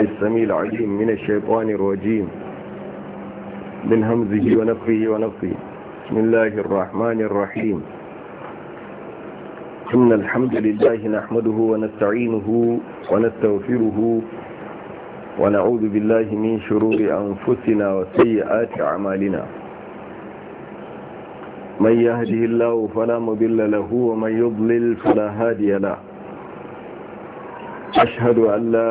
السميع العليم من الشيطان الرجيم من همزه ونفخه ونفخه بسم الله الرحمن الرحيم إن الحمد لله نحمده ونستعينه ونستغفره ونعوذ بالله من شرور أنفسنا وسيئات أعمالنا من يهده الله فلا مضل له ومن يضلل فلا هادي له أشهد أن لا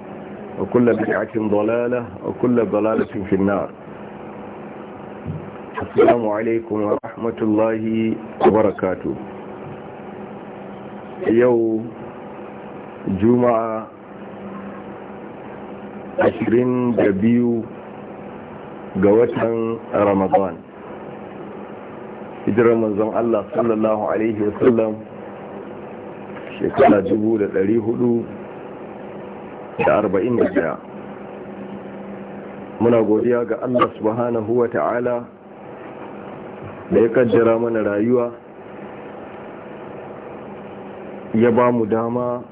وكل بدعة ضلالة وكل ضلالة في النار السلام عليكم ورحمة الله وبركاته يوم جمعة 22 ga watan Ramadan hijirar manzon Allah sallallahu dubu wasallam shekara 1400 da arba'in da daya muna godiya ga allah subhanahu wa ta'ala da ya kaddara mana rayuwa ya ba mu dama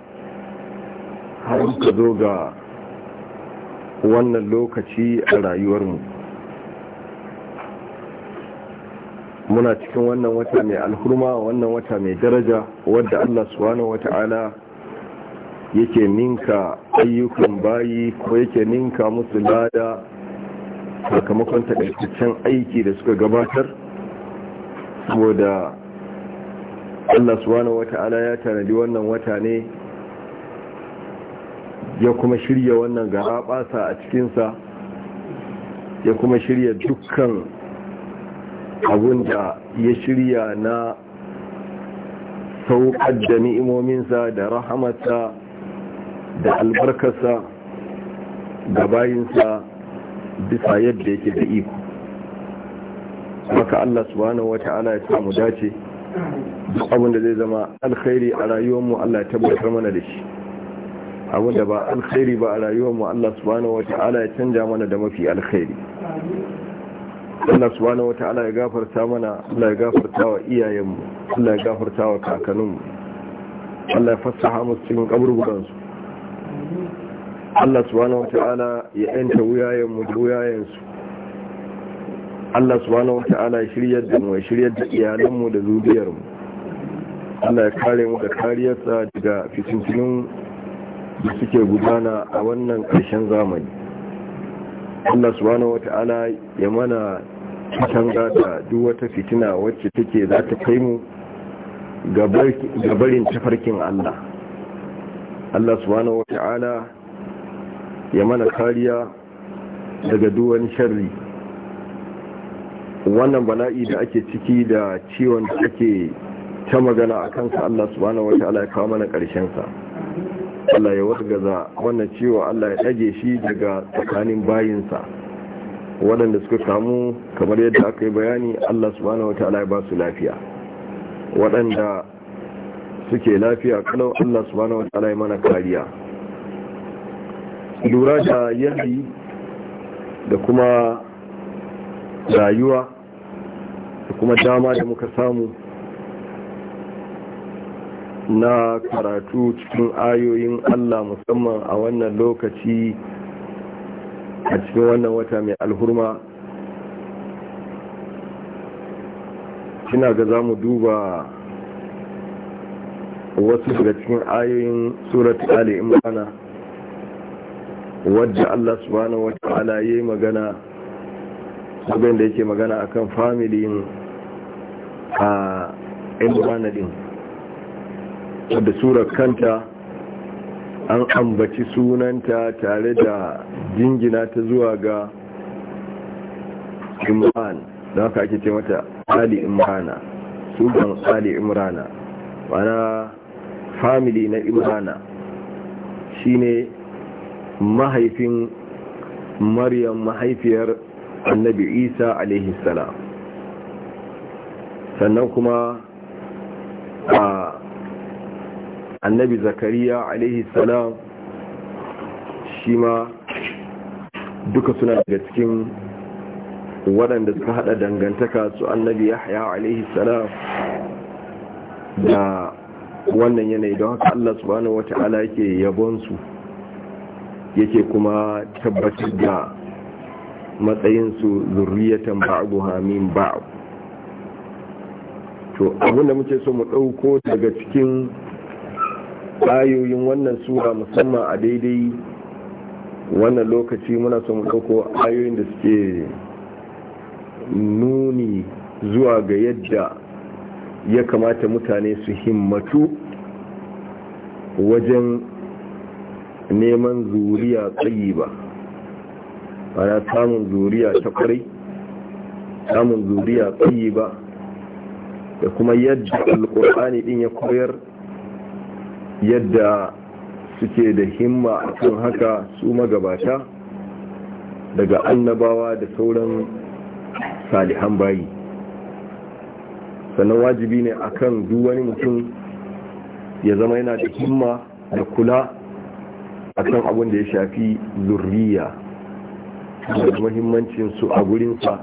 har ka zo ga wannan lokaci a rayuwar mu. muna cikin wannan wata mai alhurma wannan wata mai daraja wadda allah subhanahu wa ta'ala yake ninka ayyukan bayi ko yake ninka musu lada sakamakon takaitaccen aiki da suka gabatar saboda Allah wata wata'ala ya tanadi wannan wata ne ya kuma shirya wannan garaɓasa a cikinsa ya kuma shirya dukkan abun da ya shirya na sauƙar da ni'imominsa da rahamarsa da albarkarsa da bayinsa bisa yadda yake da iko maka Allah subhanahu wata'ala ya samu dace duk abin da zai zama alkhairi a rayuwarmu Allah ya tabbatar mana da shi abin da ba alkhairi ba a rayuwarmu Allah subhanahu wata'ala ya canja mana da mafi alkhairi Allah subhanahu wata'ala ya gafarta mana Allah ya gafarta wa iyayenmu Allah ya gafarta wa kakanninmu Allah ya fassaha musu cikin kaburburansu Allah subhanahu wata'ala ya yanta wuyayen mu wuyayen su Allah subhanahu wata'ala ya shiryar da mu ya shiryar da iyalan mu da zuriyar mu Allah ya kare mu da kariyarsa daga fitintunin da suke gudana a wannan ƙarshen zamani Allah subhanahu wata'ala ya mana katanga da duk wata fitina wacce take za ta kai mu gabarin tafarkin Allah Allah subhanahu wata'ala ya mana kariya daga duwan sharri wannan bala'i da ake ciki da ciwon da ake ta magana a kansa Allah subhanahu wa ta'ala ya kawo mana ƙarshensa Allah ya wargaza wannan ciwo Allah ya ɗage shi daga tsakanin bayinsa waɗanda suka samu kamar yadda aka yi bayani Allah subhanahu wa ta'ala ya ba su lafiya waɗanda suke lafiya kalau Allah subhanahu wa ta'ala ya mana kariya lura da yanayi da kuma rayuwa da kuma dama da muka samu na karatu cikin ayoyin Allah musamman a wannan lokaci a cikin wannan wata mai alhurma kina ga za mu duba wasu daga cikin ayoyin surat ali imrana wadda Allah subhanahu wa ta'ala ya yi magana abin da yake magana a kan familin a imranadin wadda surar kanta an ambaci sunanta tare da jingina ta zuwa ga imran da haka ake ce mata ali imrana sunan ali imrana mana family na imrana shine mahaifin maryam mahaifiyar annabi isa alaihi salam sannan kuma a annabi zakariya alaihi salam shi ma duka suna daga cikin waɗanda suka haɗa dangantaka su annabi yahya alaihi salam da wannan yanayi don haka allah subhanahu wata'ala yake yabonsu yake kuma tabbatar da matsayinsu zurriyatan ba'adu hamin ba'u to abinda muke so mu ɗauko daga cikin ayoyin wannan sura musamman a daidai wannan lokaci muna so mu ɗauko ayoyin da suke nuni zuwa ga yadda ya kamata mutane su himmatu wajen neman zuriya tsayi ba ana samun zuriya ta kwarai samun zuriya tsayi ba da kuma yadda alkur'ani din ya koyar yadda suke da himma a kan haka su magabata daga annabawa da sauran salihan bayi sannan wajibi ne akan duk wani mutum ya zama yana da himma da kula akan abin da ya shafi zurriya da mahimmancinsu a gurinsa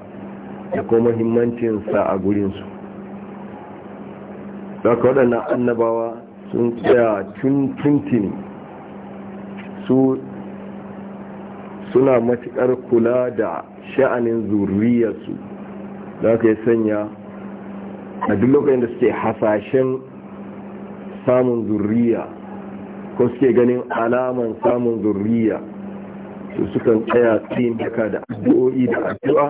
da kuma mahimmancinsa a gurinsu daga waɗannan annabawa sun tsaya tuntuni su suna matuƙar kula da sha'anin zurriyarsu da aka yi sanya a duk lokacin da suke hasashen samun zurriya ko suke ganin alaman samun zurriya su suka tsaya cikin da addu'o'i da addu'a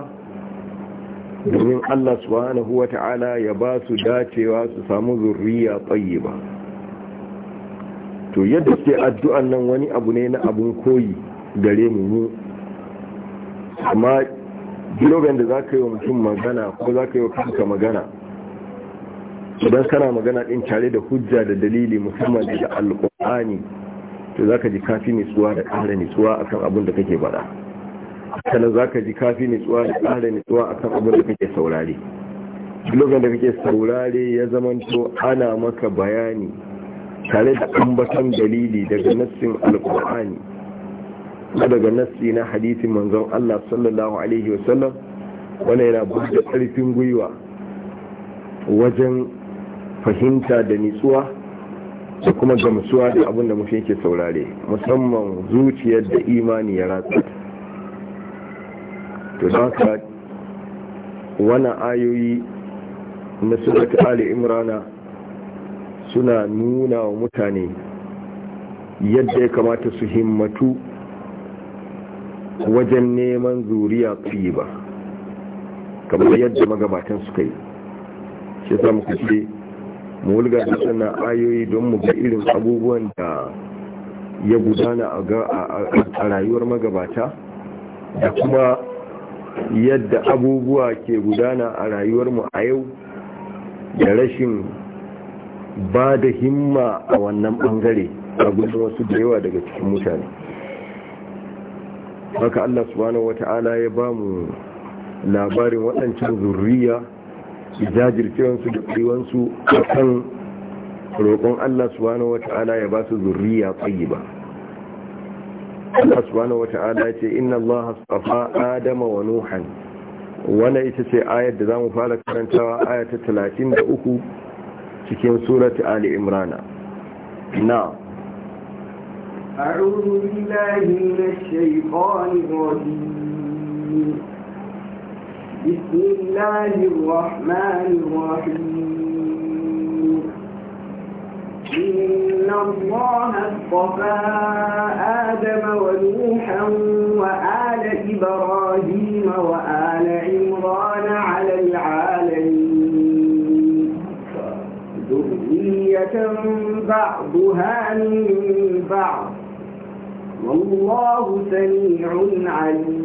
domin Allah subhanahu wa ta'ala ya ba su dacewa su samu zurriya tsayi ba to yadda suke addu'an nan wani abu ne na abun koyi gare mu mu amma bilogan da za ka yi mutum magana ko za ka yi kanka magana idan kana magana ɗin tare da hujja da dalili musamman daga alƙo qur'ani to zaka ji kafi nitsuwa da ƙara nitsuwa akan abin da kake bada sannan zaka ji kafi nitsuwa da ƙara nitsuwa akan abin da kake saurare lokacin da kake saurare ya zamanto ana maka bayani tare da ambaton dalili daga nassin alkur'ani daga nassi na hadisin manzon Allah sallallahu alaihi wasallam wanda yana buɗe ƙarfin gwiwa wajen fahimta da nitsuwa da kuma gamsuwa da abin da mutum yake saurare musamman zuciyar da imani ya ratsa to don haka wani ayoyi na surat ali imrana suna nuna wa mutane yadda ya kamata su himmatu wajen neman zuriya fiye ba kamar yadda magabatan suka yi shi samu kuce mu wulga da sannan ayoyi don mu ga irin abubuwan da ya gudana a rayuwar magabata da kuma yadda abubuwa ke gudana a rayuwarmu a yau da rashin ba da himma a wannan bangare a gudun wasu da yawa daga cikin mutane haka Allah subhanahu wata'ala ya ba mu labarin waɗancan zurriya da jajircewansu da tsayuwansu a kan roƙon Allah subhanahu wata'ala ya ba su zurriya tsayi ba Allah subhanahu wata'ala ce inna Allah astafa Adama wa Nuhan wannan ita ce ayar da zamu fara karantawa ayata talatin da uku cikin surat Ali imrana na أعوذ بالله من الشيطان الرجيم بسم الله الرحمن الرحيم إن الله اصطفى آدم ونوحا وآل إبراهيم وآل عمران على العالمين ذرية بعضها من بعض والله سميع عليم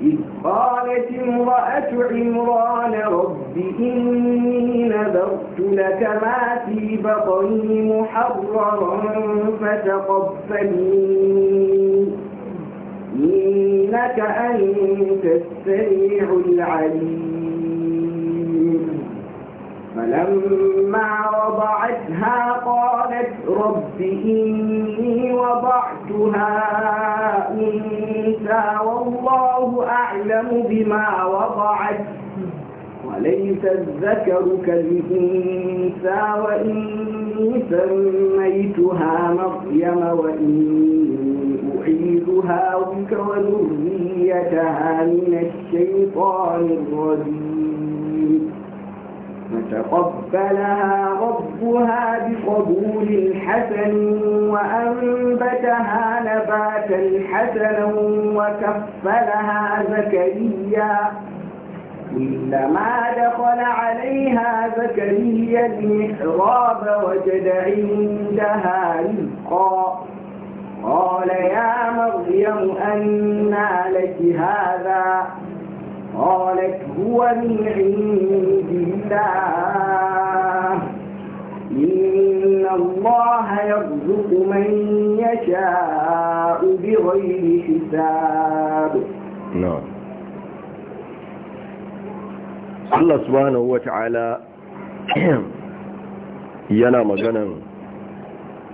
إذ قالت امرأة عمران رب إني نذرت لك ما في بطني محررا فتقبلني إنك أنت السميع العليم فلما وضعتها قال قالت رب إني وضعتها أنثى والله أعلم بما وضعت وليس الذكر كالأنثى وإني سميتها مريم وإني أعيذها بك وذريتها من الشيطان الرجيم فتقبلها ربها بقبول حسن وأنبتها نباتا حسنا وكفلها زكريا كلما دخل عليها زكريا المحراب وجد عندها رزقا قال يا مريم أنى لك هذا قالت هو من عند الله إن الله يرزق من يشاء بغير حساب نعم الله سبحانه وتعالى yana maganan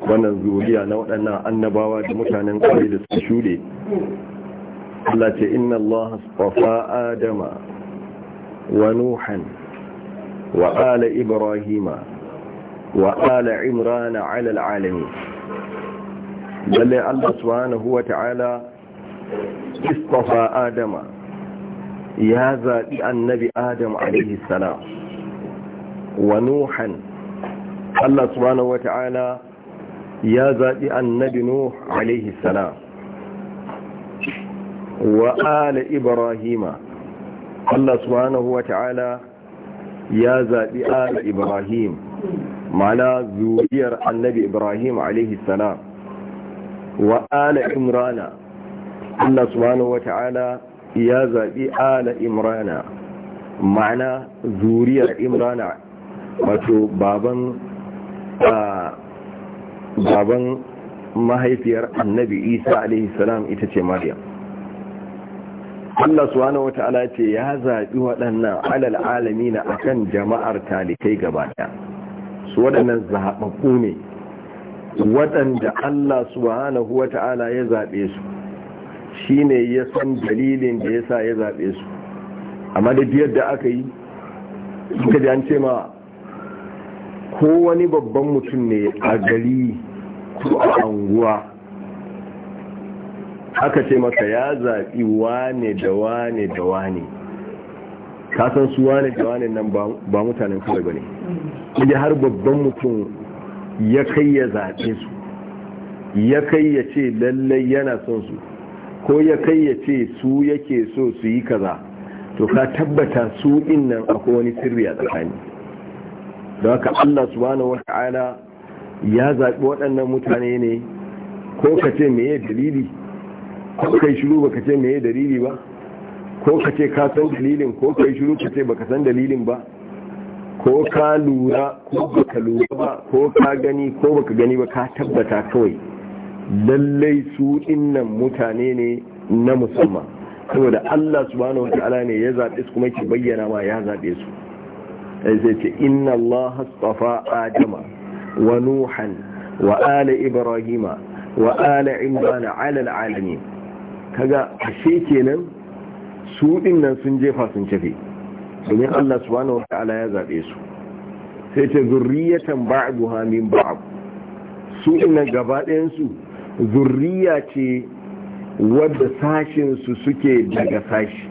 wannan zuriya na waɗannan annabawa da mutanen ƙwari da su shuɗe Allah ce inna Allah astafa Adama wa Nuhan wa ala Ibrahima wa ala Imran ala alalami lalle Allah subhanahu wa ta'ala istafa Adama ya zaɓi annabi Adam alaihi salam wa Nuhan Allah subhanahu wa ta'ala ya zaɓi annabi Nuh alaihi salam wa ala ibrahima Allah subhanahu wa ta'ala ya zaɓi ala ibrahim mana zuriyar annabi ibrahim alaihi salam wa ala imrana Allah subhanahu wa ta'ala ya zaɓi ala imrana ma'ana zuriyar imrana wato baban baban mahaifiyar annabi isa alaihi salam ita ce maryam Allah subhanahu wata'ala ce ya zaɓi waɗannan alal alamina akan jama'ar talikai gaba ɗaya su waɗannan zaɓaɓɓu ne waɗanda Allah subhanahu wata'ala ya zaɓe su shine ya san dalilin da yasa ya zaɓe su amma da biyar da aka yi suka ji an ce ma ko wani babban mutum ne a gari ko a anguwa aka ce maka ya zaɓi wane da wane da wane kasan su wane da wane nan ba mutanen kawai ba ne inda har babban mutum ya kai ya zaɓe su ya kai ya ce lallai yana son su ko ya kai ya ce su yake so su yi kaza to ka tabbata su in nan akwai wani sirri a tsakani da haka allah subhanahu wa ta'ala ya zaɓi waɗannan mutane ne ko ka ce me dalili ko kai shiru baka ce meye dalili ba ko ka ce ka san dalilin ko kai shiru ka ce baka san dalilin ba ko ka lura ko baka lura ba ko ka gani ko baka gani ba ka tabbata kawai lallai su dinnan mutane ne na musamman saboda Allah subhanahu wataala ne ya zabe su kuma ke bayyana ma ya zabe su sai ce inna Allah astafa adama wa nuhan wa ala ibrahima wa ala imran ala alamin kaga ashe kenan su din nan sun jefa sun cafe domin Allah subhanahu wataala ya zabe su sai ta zurriyatan ba'duha min ba'd su din nan gaba ɗayan su zurriya ce wadda sashin su suke daga sashi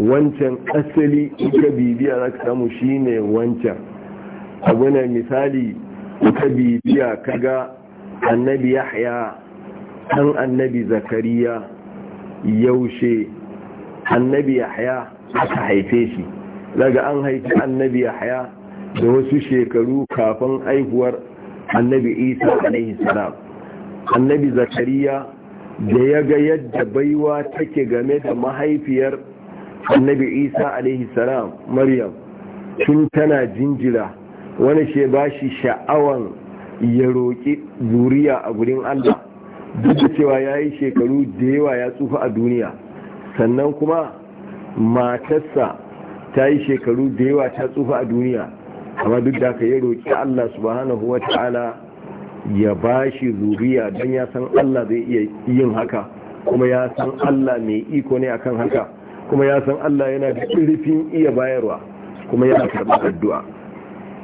wancan asali ita bibiya za ka samu shine wancan abu misali ita bibiya kaga annabi yahya dan annabi zakariya yaushe annabi yahya aka haife shi daga an haifi annabi yahya da wasu shekaru kafin aihuwar annabi isa alaihi salam annabi zakariya da ya ga yadda baiwa take game da mahaifiyar annabi isa alaihi salam maryam tun tana jinjira wani she ba shi sha'awan ya roƙi zuriya a gurin allah duk da cewa ya yi shekaru da yawa ya tsufa a duniya sannan kuma matarsa ta yi shekaru da yawa ta tsufa a duniya amma duk da ka ya roƙi Allah subhanahu wa ta'ala ya ba shi zuriya don ya san Allah zai iya yin haka kuma ya san Allah mai iko ne akan haka kuma ya san Allah yana da ƙarfin iya bayarwa kuma yana karɓar addu'a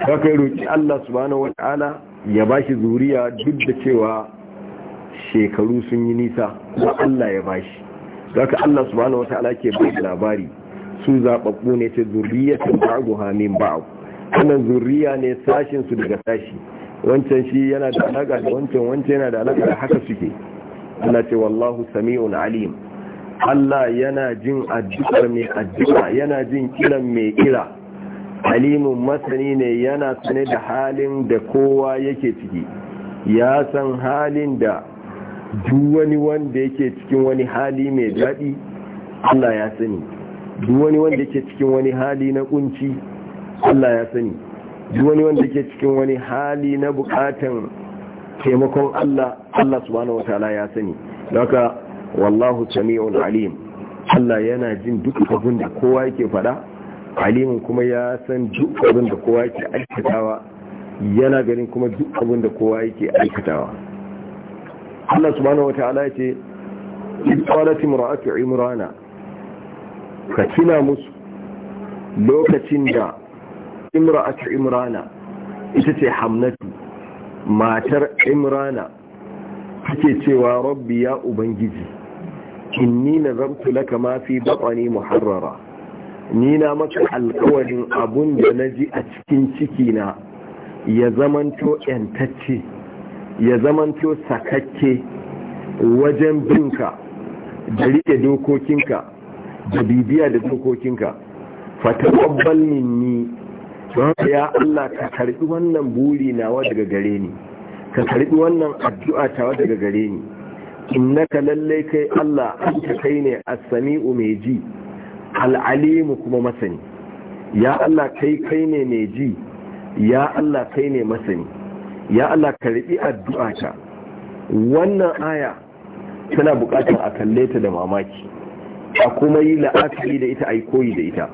ka ya roƙi Allah subhanahu wa ta'ala ya ba shi zuriya duk da cewa shekaru sun yi nisa kuma Allah ya bashi zaka Allah subhanahu wataala ke ba labari su zababbu ne ce zurriyatun ba'duha min ba'd wannan zurriya ne sashin su daga sashi wancan shi yana da alaka da wancan wancan yana da alaka da haka suke Allah ce wallahu sami'un alim Allah yana jin addu'ar mai addu'a yana jin kiran mai kira alimun masani ne yana sane da halin da kowa yake ciki ya san halin da duk wani wanda yake cikin wani hali mai daɗi Allah ya sani duk wani wanda yake cikin wani hali na kunci Allah ya sani duk wani wanda yake cikin wani hali na bukatan taimakon Allah Allah subhanahu wataala ya sani haka wallahu samiul alim Allah yana jin duk abin da kowa yake faɗa alimin kuma ya san duk abin da kowa yake aikatawa yana ganin kuma duk abin da kowa yake aikatawa Allah subhanahu wata'ala ce qalat imra'atu imrana ka tuna musu lokacin da imra'atu imrana ita ce hamnatu matar imrana take cewa rabbi ya ubangiji inni nazartu laka ma fi batni muharrara ni na maka alƙawarin abun da naji a cikin ciki na ya zamanto yantacce ya zamanto sakakke wajen binka da rike dokokinka da bibiya da dokokinka fatawabbal minni don haka ya Allah ka karbi wannan buri nawa daga gare ni ka karbi wannan addu'a tawa daga gare ni innaka lallai kai Allah an kai ne as-sami'u mai al-alimu kuma masani ya Allah kai kai ne mai ya Allah kai ne masani ya Allah karbi addu'a ta wannan aya tana buƙatar a kalle ta da mamaki a kuma yi la'akari da ita a koyi da ita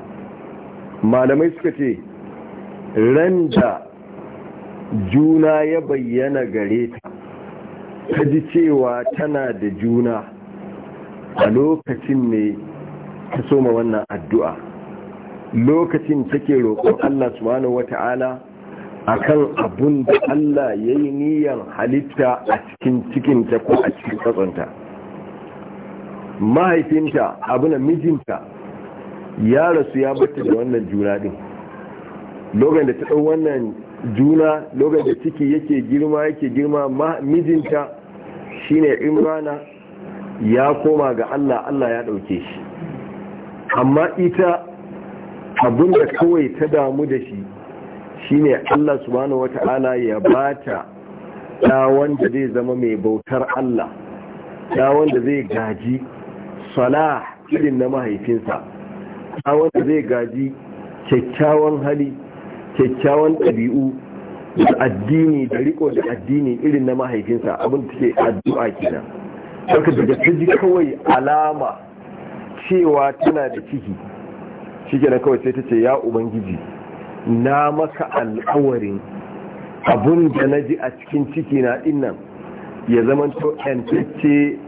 malamai suka ce ran da juna ya bayyana gare ta ta ji cewa tana da juna a lokacin ne ta soma wannan addu'a lokacin take roƙon Allah subhanahu wata'ala akan abun da Allah ya yi niyan halitta a cikin cikinta ko a cikin tsatsonta mahaifinta abin mijinta ya rasu ya bata da wannan juna din lokacin da ta ɗau wannan juna lokacin da ciki yake girma yake girma mijinta shine imrana ya koma ga Allah Allah ya ɗauke shi amma ita abin da kawai ta damu da shi shine Allah subhanahu wata'ala ya bata ta wanda zai zama mai bautar Allah ta wanda zai gaji salah irin na mahaifinsa ta wanda zai gaji kyakkyawan hali kyakkyawan ɗabi'u da addini da riko da addini irin na mahaifinsa abin da take addu'a kenan saka daga ta kawai alama cewa tana da ciki shi kenan kawai sai ta ce ya ubangiji na maka al'awarin abun da na ji a cikin ciki na dinnan ya zama to ce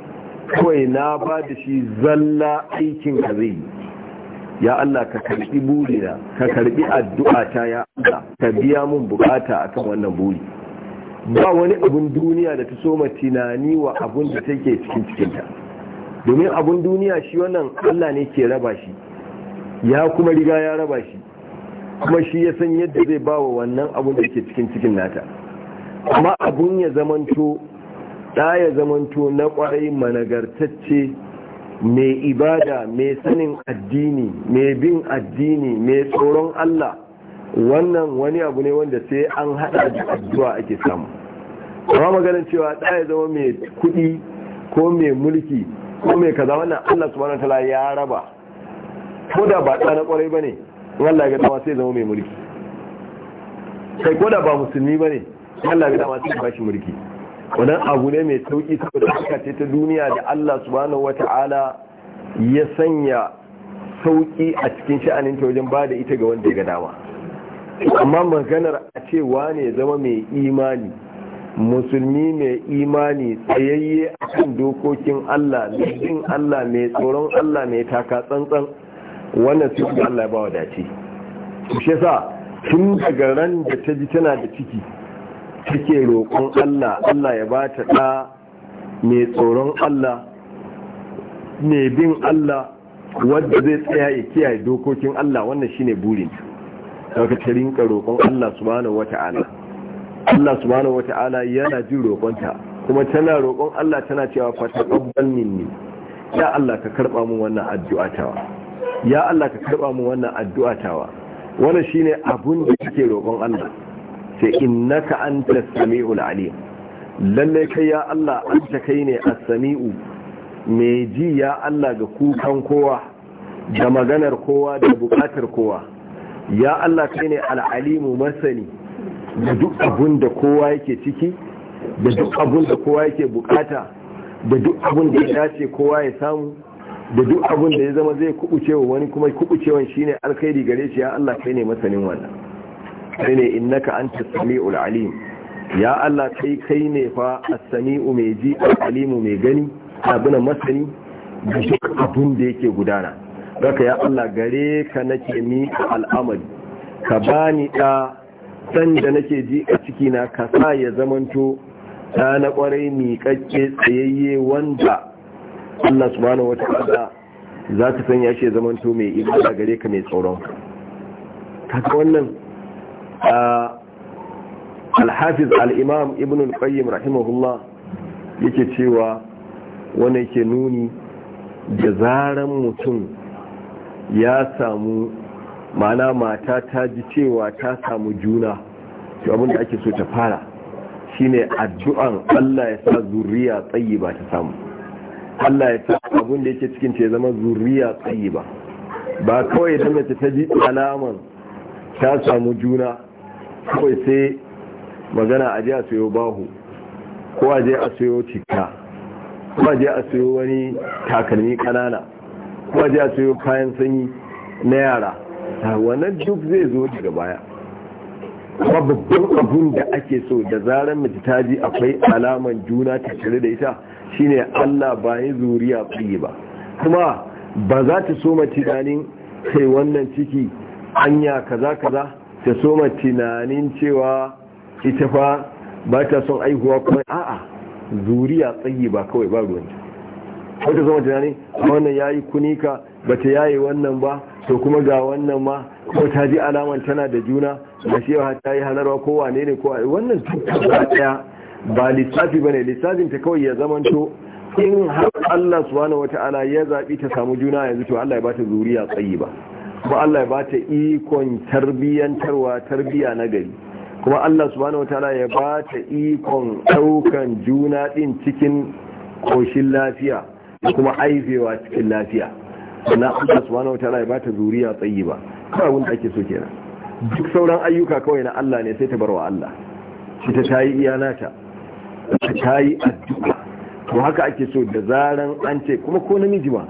kawai na ba da shi zalla aikin ka zai ya Allah ka karbi na ka karbi addu'a ta ya Allah ka biya mun bukata akan wannan buri ba wani abun duniya da ta soma tunani wa abun da take cikin cikinta domin abun duniya shi wannan Allah ne ke raba shi ya kuma riga ya raba shi kuma shi ya san yadda zai ba wa wannan abun da ke cikin cikin nata amma abun ya zamanto ta ya zamanto na kwarai managartacce mai ibada mai sanin addini mai bin addini mai tsoron Allah wannan wani abu ne wanda sai an hada da addu'a ake samu amma maganin cewa ta ya zama mai kudi ko mai mulki ko mai kaza wannan Allah subhanahu wataala ya raba ko da ba ta na kwarai bane wallahi ga dama sai zama mai mulki kai ko da ba musulmi bane wallahi ga dama sai ba shi mulki wannan abu ne mai sauki saboda haka ce ta duniya da Allah subhanahu wata'ala ya sanya sauki a cikin sha'anin ta wajen bada ita ga wanda ya ga dama amma maganar a cewa ne zama mai imani musulmi mai imani tsayayye a kan dokokin Allah jin Allah mai tsoron Allah mai taka tsantsan wannan sun yi Allah ya wa dace shi yasa tun daga ran da ta ji tana da ciki take roƙon Allah Allah ya ba ta ɗa mai tsoron Allah mai bin Allah wanda zai tsaya ya kiyaye dokokin Allah wannan shine burin daga ta rinka roƙon Allah subhanahu wata'ala Allah subhanahu wata'ala yana jin roƙonta kuma tana roƙon Allah tana cewa fa taqabbal minni ya Allah ka karɓa mu wannan addu'a tawa ya Allah ka karba mu wannan addu'a tawa wannan shine abun da kake roƙon Allah sai innaka antas samiul alim lalle kai ya Allah anta kai ne as-sami'u mai ji ya Allah ga kukan kowa da maganar kowa da bukatar kowa ya Allah kai ne al-alimu masani da duk abun da kowa yake ciki da duk abun da kowa yake bukata da duk abun da ya dace kowa ya samu da duk abin da ya zama zai kubuce wa wani kuma kubucewan shine alkhairi gare shi ya Allah kai ne masanin wannan kai ne innaka anta samiul alim ya Allah kai kai ne fa as-sami'u mai ji alimu mai gani abuna masani da duk abin da yake gudana haka ya Allah gare ka nake mi al'amari ka bani da san da nake ji a ciki na ka sa ya zamanto da na kwarai kakke tsayayye wanda Allah subhanahu wa ta'ala za ta sanya shi zaman to mai ibada gare ka mai tsoron kaga wannan al-hafiz al-imam ibn al-qayyim rahimahullah yake cewa wannan yake nuni da zaran mutum ya samu mana mata ta ji cewa ta samu juna to da ake so ta fara shine addu'an Allah ya sa zuriya tsayi ba ta samu Allah ya ta abin da yake cikin ta ya zama zuriya tsayi ba ba kawai idan mace ta ji alaman ta samu juna kawai sai magana a je a sayo bahu ko a je a soyo cika, ko a je a sayo wani takalmi kanana ko a je a sayo kayan sanyi na yara wannan duk zai zo daga baya kuma babban abun da ake so da zarar mace ta ji akwai alaman juna ta tare da ita shine Allah ba ya zuriya tsaye ba kuma ba za ta soma tunanin kai wannan ciki anya kaza kaza ta soma tunanin cewa ita fa ba ta son aihuwa kuma a'a zuriya tsayi ba kawai ba ruwan ta ta soma tunanin wannan yayi kunika ta yaye wannan ba to kuma ga wannan ma ko ta ji alaman tana da juna da shi ta yi halarwa ko wane ne ko wannan ba daya ba lissafi ba ne lissafin ta kawai ya zamanto in har Allah subhanahu wata'ala ya zaɓi ta samu juna yanzu to Allah ya ba zuri zuriya tsayi ba kuma Allah ya ba ta ikon tarbiyyantarwa tarbiya na gari kuma Allah subhanahu wata'ala ya ba ta ikon ɗaukan juna ɗin cikin ƙoshin lafiya da kuma aifewa cikin lafiya sannan Allah subhanahu wata'ala ya ba bata zuriya tsayi ba kawai wanda ake so kenan duk sauran ayyuka kawai na Allah ne sai ta barwa Allah shi ta tayi iyana ta, ta tayi addu'a to haka ake so da zaran an ce kuma ko namiji ba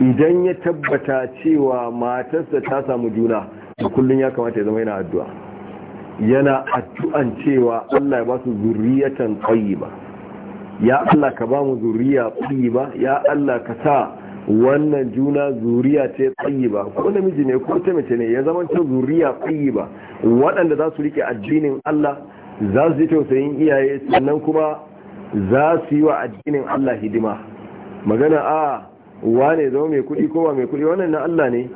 idan ya tabbata cewa matarsa ta samu juna to kullun ya kamata ya zama yana addu'a yana addu'an cewa Allah ya ba su zuriyatan tayyiba ya Allah ka ba mu zuriya tayyiba ya Allah ka sa wannan juna zuriya ce tsayiba ko namiji ne ko ta mace ne ya zama ta zuriya tsayiba waɗanda za su rike addinin Allah za su yi tausayin iyaye sannan kuma za su yi wa addinin Allah hidima magana a wane zama mai kuɗi ko ba mai kuɗi wannan na Allah ne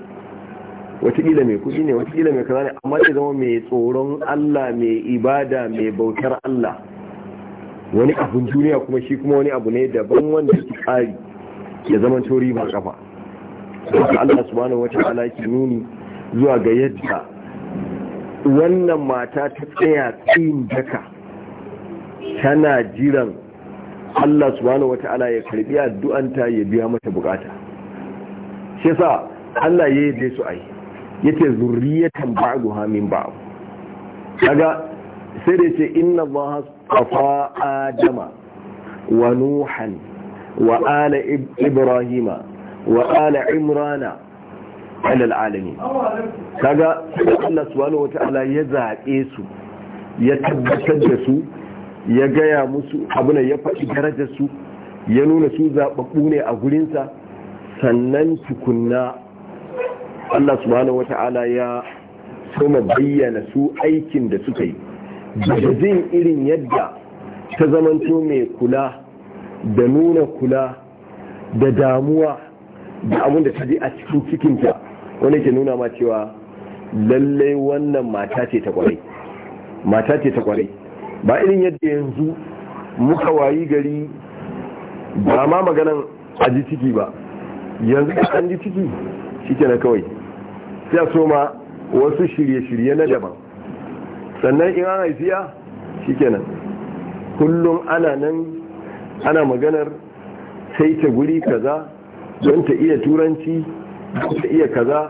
watakila mai kuɗi ne watakila mai kaza ne amma ya zama mai tsoron Allah mai ibada mai bautar Allah wani abun duniya kuma shi kuma wani abu ne daban wanda ke tsari ya zama tori ba kafa wata Allah subhanahu ala yake nuni zuwa ga yadda wannan mata ta tsaya tsayin daka tana jiran Allah subhanahu ala ya karbi addu'anta ya biya mata bukata shi sa Allah ya yi su ai yace zurriyatan ba'duha min abu Daga, sai da yace inna a fa'a adama wa nuhan wa ala ibrahima wa ala imrana alal alamin kaga Allah subhanahu ya zaɓe su ya tabbatar da su ya gaya ya musu abun ya faɗi darajar su ya nuna su zababbu ne a gurinsa. sannan tukunna Allah subhanahu ya kuma bayyana su aikin da suka yi da zin irin yadda ta zamanto mai kula da nuna kula da damuwa da abin ta ji a cikin cikinta wanda ke nuna ma cewa lallai wannan mata ce ta kwarai mata ce ta kwarai ba irin yadda yanzu muka wayi gari ba ma maganan a ji ciki ba yanzu ka an ji ciki shi ke na kawai sai a soma wasu shirye-shirye na daban sannan in an haifiya shi kenan kullum ana nan ana maganar sai ta guri kaza don ta iya turanci ta iya kaza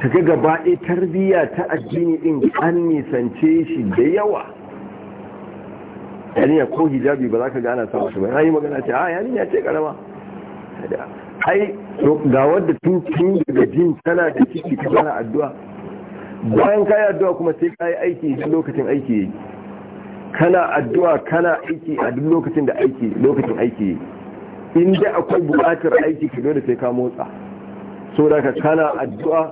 ta ga gaba tarbiyya ta addini ɗin an nisance shi da yawa yaniya ko hijabi ba za ka gana sa wasu ba yi magana ce a ah, ya ce karama ai ga wadda tun daga jin tana da ciki ta gana addu'a bayan kayi addu'a kuma sai kayi aiki lokacin aiki kana addu'a kana aiki a duk lokacin da aiki lokacin aiki in da akwai buƙatar aiki ka dole sai ka motsa so da ka kana addu'a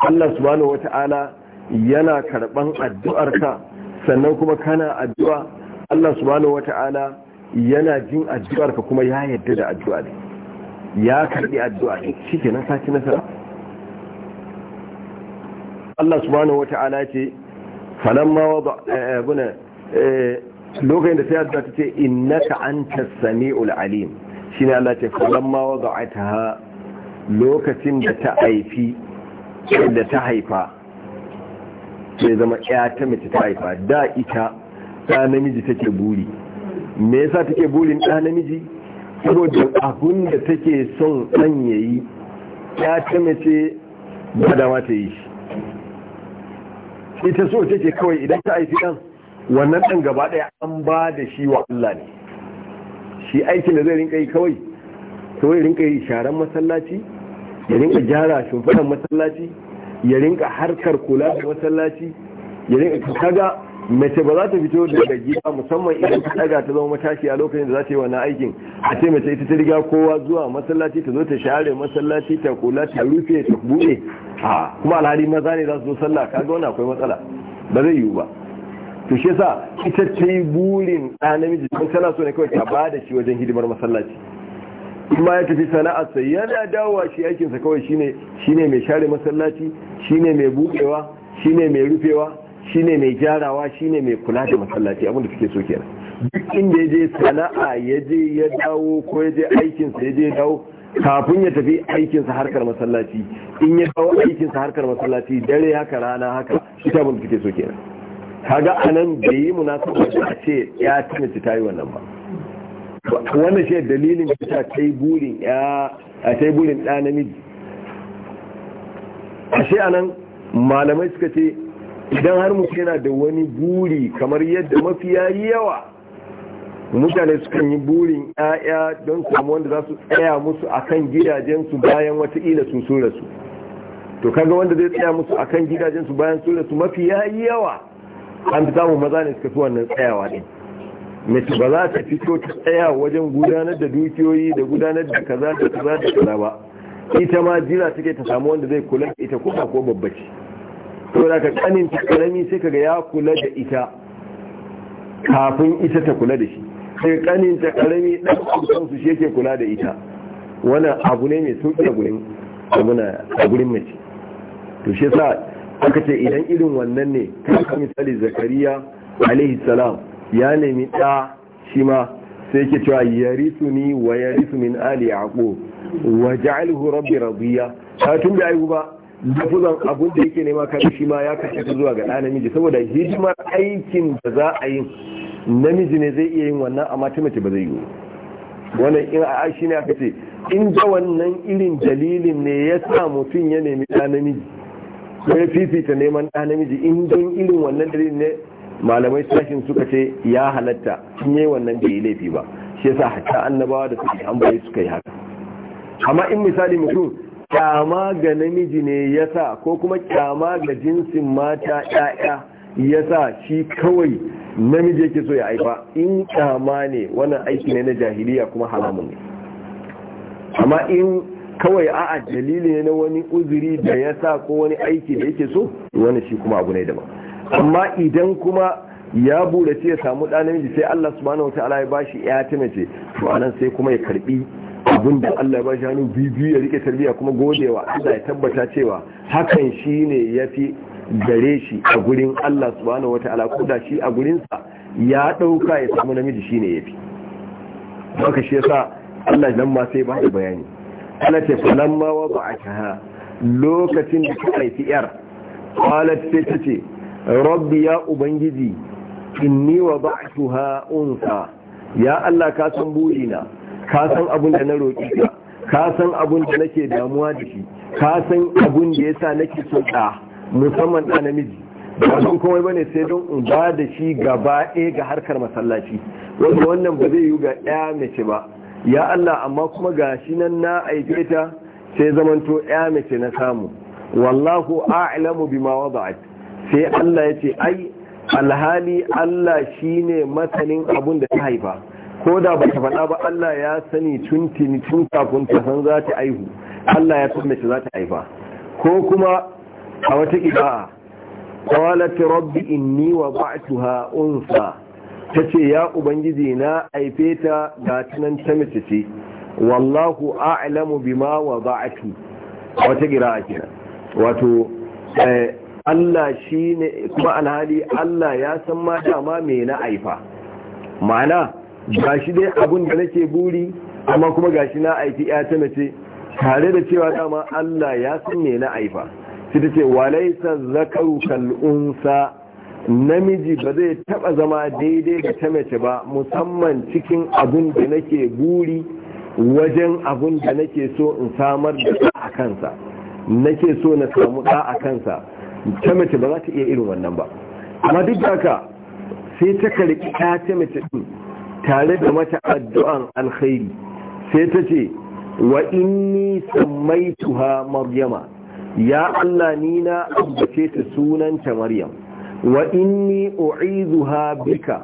Allah subhanahu wata'ala yana karban addu'arka sannan kuma kana addu'a Allah subhanahu wata'ala yana jin addu'arka kuma ya yadda da addu'a ne ya karbi addu'a ne shikenan ka ci nasara Allah subhanahu wata'ala ce falamma wada eh, eh, Eh, lokacin da sai Allah ta ce ta sami ul'alim shi ne Allah ce ta ha lokacin da ta haifi da ta haifa sai zama ya ta mace ta haifa da ita ta namiji take buri me yasa take burin da namiji saboda abun da take son ya yi, ya ta mace ba da ma ta yi shi ita so take kawai idan ta haifi dan wannan ɗan gaba ɗaya an ba da shi wa Allah ne shi aikin da zai rinka yi kawai kawai rinka yi sharan masallaci ya rinka gyara shimfiɗan masallaci ya rinka harkar kula da masallaci ya rinka kaga mace ba za ta fito daga gida musamman idan ta daga ta zama matashi a lokacin da za ta yi wani aikin a ce mace ita ta riga kowa zuwa masallaci ta zo ta share masallaci ta kula ta rufe ta buɗe a kuma alhali maza ne za su zo sallah kaga wani akwai matsala ba zai yiwu ba to shi yasa ita ta yi burin ɗa namiji don tana so ne kawai ta ba da shi wajen hidimar masallaci kuma ya tafi sana'arsa yana dawowa shi aikinsa kawai shine shine mai share masallaci shine mai buɗewa shine mai rufewa shine mai gyarawa shine mai kula da masallaci abinda suke so kenan duk inda ya je sana'a ya je ya dawo ko ya je aikinsa ya je ya dawo kafin ya tafi aikinsa harkar masallaci in ya dawo aikinsa harkar masallaci dare haka rana haka ita abinda suke so kenan kaga anan bai yi munasaba a ce ya tana ta yi wannan ba wannan shi dalilin da ta kai burin ya a kai burin ɗa namiji ashe anan malamai suka ce idan har mutum yana da wani buri kamar yadda mafiya yawa mutane sukan yi burin 'ya'ya don samu wanda za su tsaya musu a kan gidajensu bayan wataƙila sun sura rasu to kaga wanda zai tsaya musu a kan gidajensu bayan sun rasu mafi yayi yawa an samu maza ne suka fi wannan tsayawa ne mace ba za ta fito ta tsaya wajen gudanar da dukiyoyi da gudanar da kaza da kaza da kaza ba ita ma jira take ta samu wanda zai kula da ita kuma ko ce to da ka kanin ta karami sai kaga ya kula da ita kafin ita ta kula da shi sai kanin ta karami dan kusan su shi yake kula da ita wannan abu ne mai sauki a gurin a gurin mace to shi yasa aka ce idan irin wannan ne kan misali zakariya alaihi salam ya nemi ɗa shi ma sai ke cewa yarisu ni wa yarisu min ali yaqub wa ja'alhu rabbi radiya ta tun da aihu ba lafuzan abun da yake nema kan shi ma ya kashe zuwa ga ɗa namiji saboda hidimar aikin da za a yi namiji ne zai iya yin wannan amma ta mace ba zai yi wannan in a shi ne aka ce in da wannan irin dalilin ne ya sa mutum ya nemi ɗa namiji sai fifita neman ɗa namiji in don irin wannan dalilin ne malamai sashin suka ce ya halatta in yi wannan bai laifi ba shi yasa hatta annabawa da suke an bai suka yi haka amma in misali mutum kyama ga namiji ne yasa ko kuma kyama ga jinsin mata ƴaƴa yasa shi kawai namiji yake so ya aifa, in kyama ne wannan aiki ne na jahiliya kuma haramun ne amma in kawai a'a dalili na wani uzuri da ya sa ko wani aiki da yake so wani shi kuma abu ne daban amma idan kuma ya burace ya samu ɗan namiji sai Allah subhanahu wataala ya bashi ya ta mace to anan sai kuma ya karbi abin da Allah ya bashi hannu biyu ya rike tarbiya kuma godewa Allah ya tabbata cewa hakan shi ne ya fi gare shi a gurin Allah subhanahu wataala ko da shi a gurinsa ya ɗauka ya samu namiji shine yafi haka shi yasa Allah nan ma sai ba da bayani ana ce falon ma wazo lokacin da ta haifi yar falon sai ta ce rabbi ya ubangiji inni wa ba ya Allah ka san burina ka san abin da na roƙi ka ka san abin da nake damuwa da shi ka san abin da ya sa nake so ɗa musamman ɗa namiji ba su kowai ba ne sai don in ba da shi gaba ɗaya ga harkar masallaci wanda wannan ba zai yi ga ɗaya mace ba ya Allah amma kuma shi nan na aife ta sai zamanto ya mace na samu wallahu a'lamu bima wada'at sai Allah yace ai alhali Allah shine masanin abun da ta haifa ko da ba ta faɗa ba Allah ya sani ni tun kafin ta san za ta aihu Allah ya san mace za ta haifa ko kuma a wata ƙida'a qalat rabbi inni wada'tuha unsa ta ce ya ubangiji na aife ta ga tunan ta mace ce wallahu a'lamu bima wa wata gira a kira wato eh, Allah shi ne kuma alhali Allah ya san ma dama me na aifa ma'ana gashi dai abun da nake buri amma kuma gashi na aiki ya ta mace tare da cewa dama Allah ya san me na aifa sai ta ce walaisa zakaru kal'unsa namiji ba zai taba zama daidai da ta mace ba musamman cikin abin da nake buri wajen abin da nake so in samar da ɗa a kansa nake so na samu ɗa a kansa ta mace ba za ta iya irin wannan ba amma duk da haka sai ta karki ta ta mace din tare da mata addu'an alkhairi sai ta ce wa inni sammaituha maryama ya Allah ni na ambace ta sunanta maryam wa inni u'izuha bika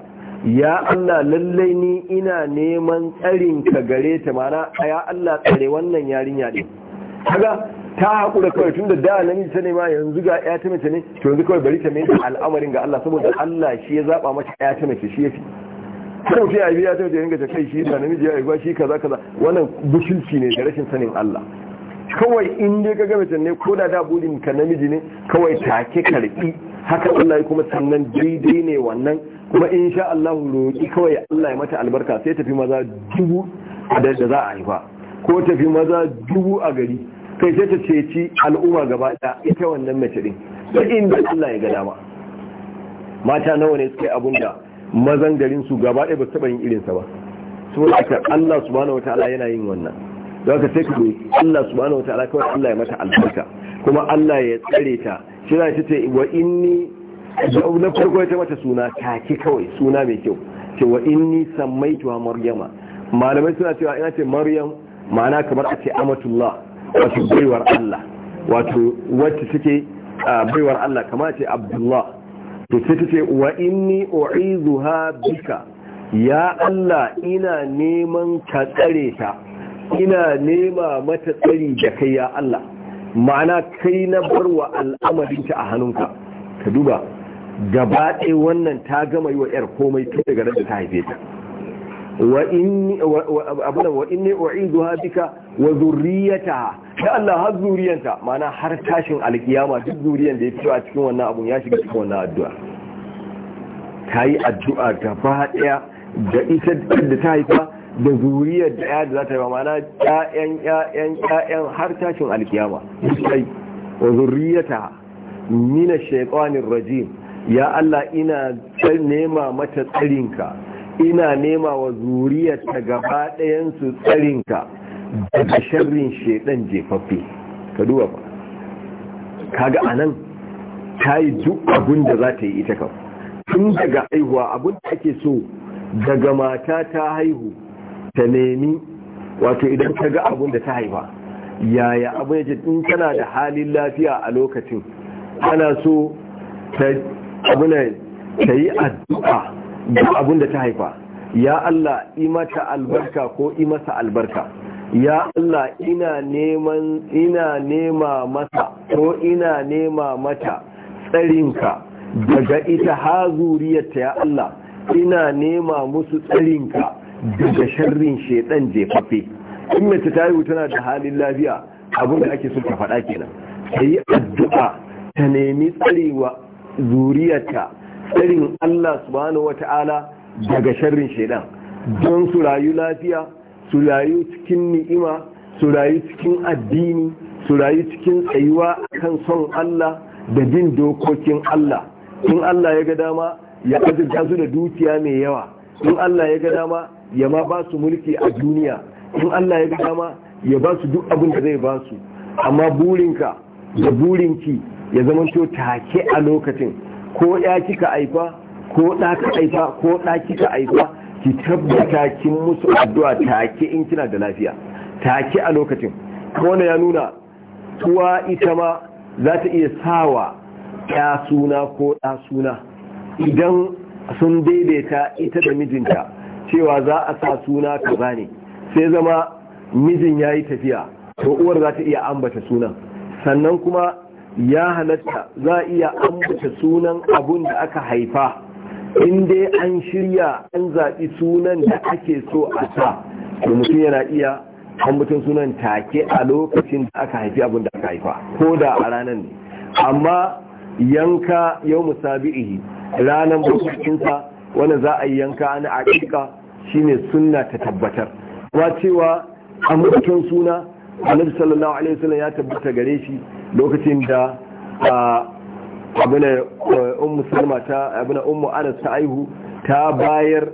ya Allah lallai ni ina neman tsarin ka gare ta mana ya Allah tsare wannan yarinya din kaga ta haƙura kawai tun da da namiji ta ma yanzu ga ya ta mace ne to yanzu kawai bari ta mai al'amarin ga Allah saboda Allah shi ya zaba mata ya ta mace shi yafi kuma sai ya biya ya ta mace ringa ta kai shi da namiji ya aigwa shi kaza kaza wannan bushinci ne da rashin sanin Allah kawai in dai ka ga mace ne ko da da burin ka namiji ne kawai take karbi haka Allah ya kuma sannan daidai ne wannan kuma in sha Allah roƙi kawai Allah ya mata albarka sai tafi maza dubu a da za a haifa ko tafi maza dubu a gari kai sai ta ceci al'umma gaba ɗaya ita wannan mace din da inda Allah ya ga dama mata nawa ne suka yi abun da mazan garin su gaba ɗaya ba su taɓa yin irinsa ba saboda haka Allah subhanahu wataala yana yin wannan don haka sai ka Allah subhanahu wataala kawai Allah ya mata albarka kuma Allah ya tsare ta shi ta ce wa inni na farko ta mata suna take kawai suna mai kyau ce wa inni sammaituha maryama malamai suna cewa ina ce maryam ma'ana kamar a ce amatullah wato baiwar Allah wato wacce suke baiwar Allah kamar ce abdullah to sai ta ce wa inni ha bika ya Allah ina neman ka tsare ta ina nema mata tsari da kai ya Allah ma'ana kai na bar wa al'amarinta a hannunka ka duba gabaɗe wannan ta gama yi wa 'yar komai tun daga da ta haife ta wa inni zuwa duka wa zurriyataha da Allah har zuriyanta ma'ana har tashin alkiyama duk zuriyan da ya fito a cikin wannan abun ya shiga cikin wannan addu'a ta yi addu'a gaba ɗaya da ita da ta haifa da zuriyar da ya za ta yi ma'ana ƴaƴan ƴaƴan ƴaƴan har tashin alkiyama sai wa zuriyata min ash rajim ya Allah ina nema mata tsarinka ina nema wa zuriyarta gaba ɗayan su tsarinka daga sharrin shaidan jefaffe ka duba ba kaga anan ta yi duk abin da za ta yi ita kan tun daga haihuwa abin da ake so daga mata ta haihu ta nemi wato idan ta ga abun da ta haifa yaya abu ya in tana da halin lafiya a lokacin Tana so ta yi addu'a da abun da ta haifa ya Allah imata albarka ko imasa albarka ya Allah ina nema masa ko ina nema mata tsarinka daga ita ha zuriyarta ya Allah ina nema musu tsarinka daga sharrin shaiɗan jefaffe in mace ta haihu tana da halin lafiya abinda da ake so ta faɗa kenan ta yi addu'a ta nemi tsarewa zuriyarta tsarin Allah subhanahu wata'ala daga sharrin shaidan don su rayu lafiya su rayu cikin ni'ima su rayu cikin addini su rayu cikin tsayuwa kan son Allah da bin dokokin Allah in Allah ya ga dama ya azurta su da dukiya mai yawa in Allah ya ga dama ya ma ba su mulki a duniya in Allah ya ga dama ya ba su duk abin da zai ba su amma burinka da burinki ya zama to take a lokacin ko ya kika aifa ko ɗa ka aifa ko ɗa kika aifa ki tabbata kin musu addu'a take in kina da lafiya take a lokacin wanda ya nuna tuwa ita ma za ta iya sawa ya suna ko ɗa suna idan sun daidaita ita da mijinta cewa za a sa suna kaza ne sai zama mijin ya yi tafiya to uwar za ta iya ambata sunan sannan kuma ya halatta za a iya ambata sunan abun da aka haifa in dai an shirya an zaɓi sunan da ake so a sa to mutum yana iya ambatan sunan take a lokacin da aka haifi abun da aka haifa ko da a ranar ne amma yanka yau musabi'i ranar bukakinsa wanda za a yi yanka na aƙiƙa shine sunna ta tabbatar wa cewa a mutum suna annabi sallallahu alaihi wasallam ya tabbata gare shi lokacin da abuna ummu salma ta abuna ummu anas ta aihu ta bayar